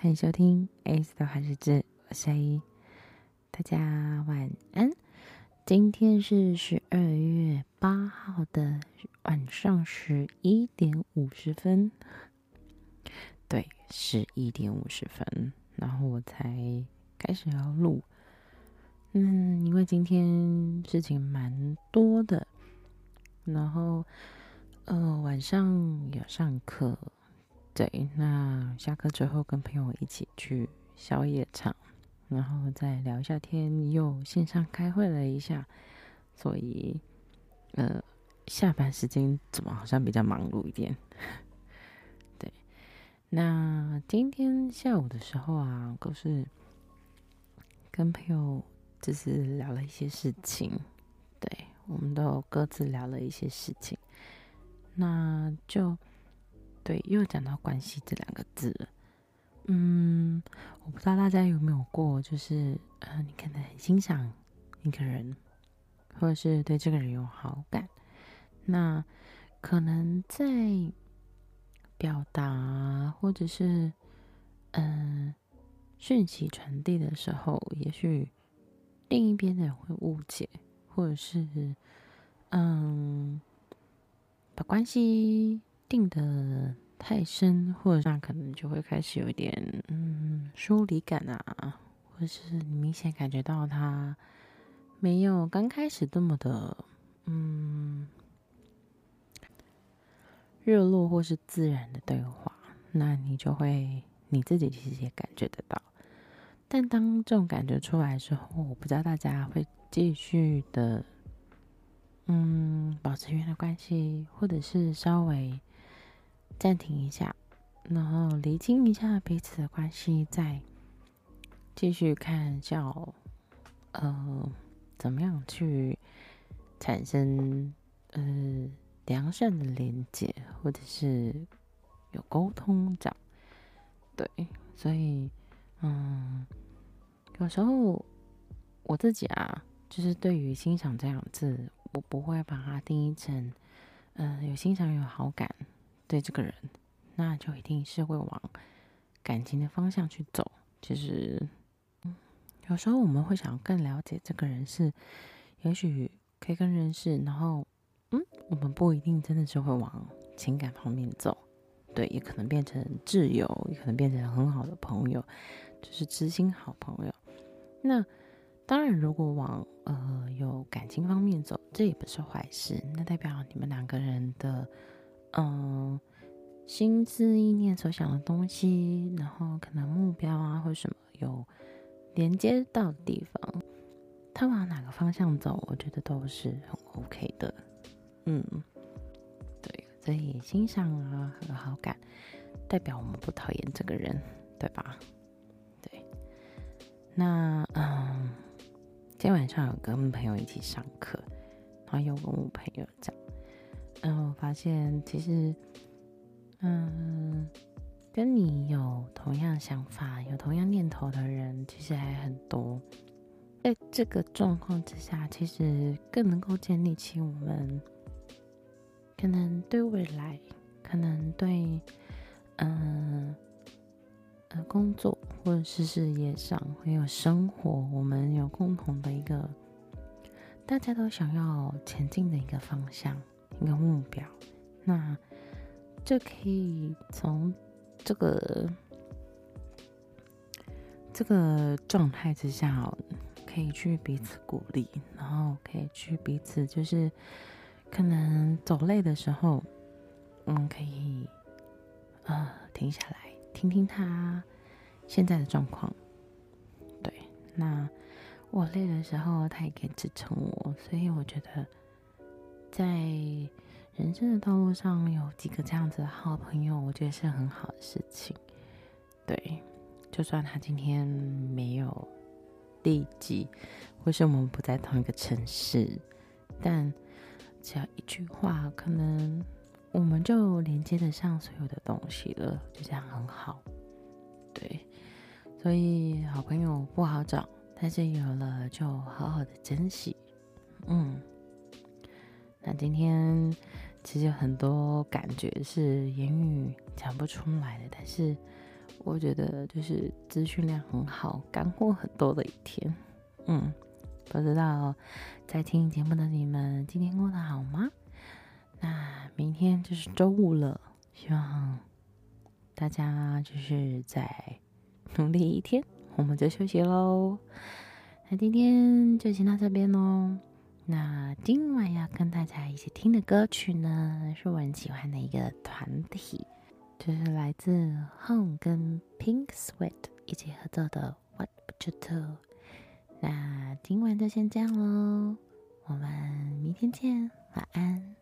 歡迎收聽《Ace 的花日誌》，我是依依 -E，大家晚安。今天是十二月八號的晚上十一點五十分，對，十一點五十分，然後我才開始要錄。嗯，因為今天事情蠻多的，然後呃，晚上有上課。對，那下課之後跟朋友一起去宵夜場，然後再聊一下天，又線上開會了一下，所以呃，下班時間怎麼好像比較忙碌一點？對，那今天下午的時候啊，都是跟朋友就是聊了一些事情，對，我們都各自聊了一些事情，那就。對，又講到“關係”這兩個字，嗯，我不知道大家有沒有過，就是，嗯、呃，你可能很欣賞一個人，或者是對這個人有好感，那可能在表達或者是嗯呃、訊息傳遞的時候，也許另一邊的人會誤解，或者是嗯把關係。定的太深，或者這樣可能就會開始有一點嗯疏離感啊，或是你明顯感覺到他沒有剛開始這麼的嗯熱絡，或是自然的對話，那你就會你自己其實也感覺得到。但當這種感覺出來之後，我不知道大家會繼續的嗯保持原來關係，或者是稍微。暫停一下，然後釐清一下彼此的關係，再繼續看叫，叫呃怎麼樣去產生呃良善的連接，或者是有溝通這樣，對，所以嗯，有時候我自己啊，就是對於欣賞這兩個字，我不會把它定義成嗯、呃、有欣賞有好感。對這個人，那就一定是會往感情的方向去走。其實，嗯，有時候我們會想更了解這個人是，是也許可以更認識，然後，嗯，我們不一定真的是會往情感方面走。對，也可能變成摯友，也可能變成很好的朋友，就是知心好朋友。那當然，如果往呃有感情方面走，這也不是壞事。那代表你們兩個人的。嗯，心思意念所想的東西，然後可能目標啊或什麼有連接到的地方，他往哪個方向走，我覺得都是很 OK 的。嗯，對，所以欣賞啊和好感，代表我們不討厭這個人，對吧？對。那嗯，今天晚上有跟朋友一起上課，然後又跟我朋友講。然後我發現，其實，嗯，跟你有同樣想法、有同樣念頭的人，其實還很多。在這個狀況之下，其實更能夠建立起我們可能對未來、可能對，嗯，呃，工作或者是事業上，還有生活，我們有共同的一個，大家都想要前進的一個方向。一個目標，那就可以從這個這個狀態之下哦，可以去彼此鼓勵，然後可以去彼此就是可能走累的時候，嗯，可以呃停下來聽聽他現在的狀況，對，那我累的時候他也可以支撐我，所以我覺得。在人生的道路上，有幾個這樣子的好朋友，我覺得是很好的事情。對，就算他今天沒有立即，或是我們不在同一個城市，但只要一句話，可能我們就連接得上所有的東西了。就這樣很好，對。所以，好朋友不好找，但是有了就好好的珍惜。嗯。那今天其實有很多感覺是言語講不出來的，但是我覺得就是資訊量很好，乾貨很多的一天。嗯，不知道在聽節目的你們今天過得好嗎？那明天就是週五了，希望大家就是再努力一天，我們就休息嘍。那今天就先到這邊嘍。那今晚要跟大家一起聽的歌曲呢，是我很喜歡的一個團體，就是來自 Honne 跟 Pink Sweat 一起合作的《What Would You Do》。那今晚就先這樣嘍，我們明天見，晚安。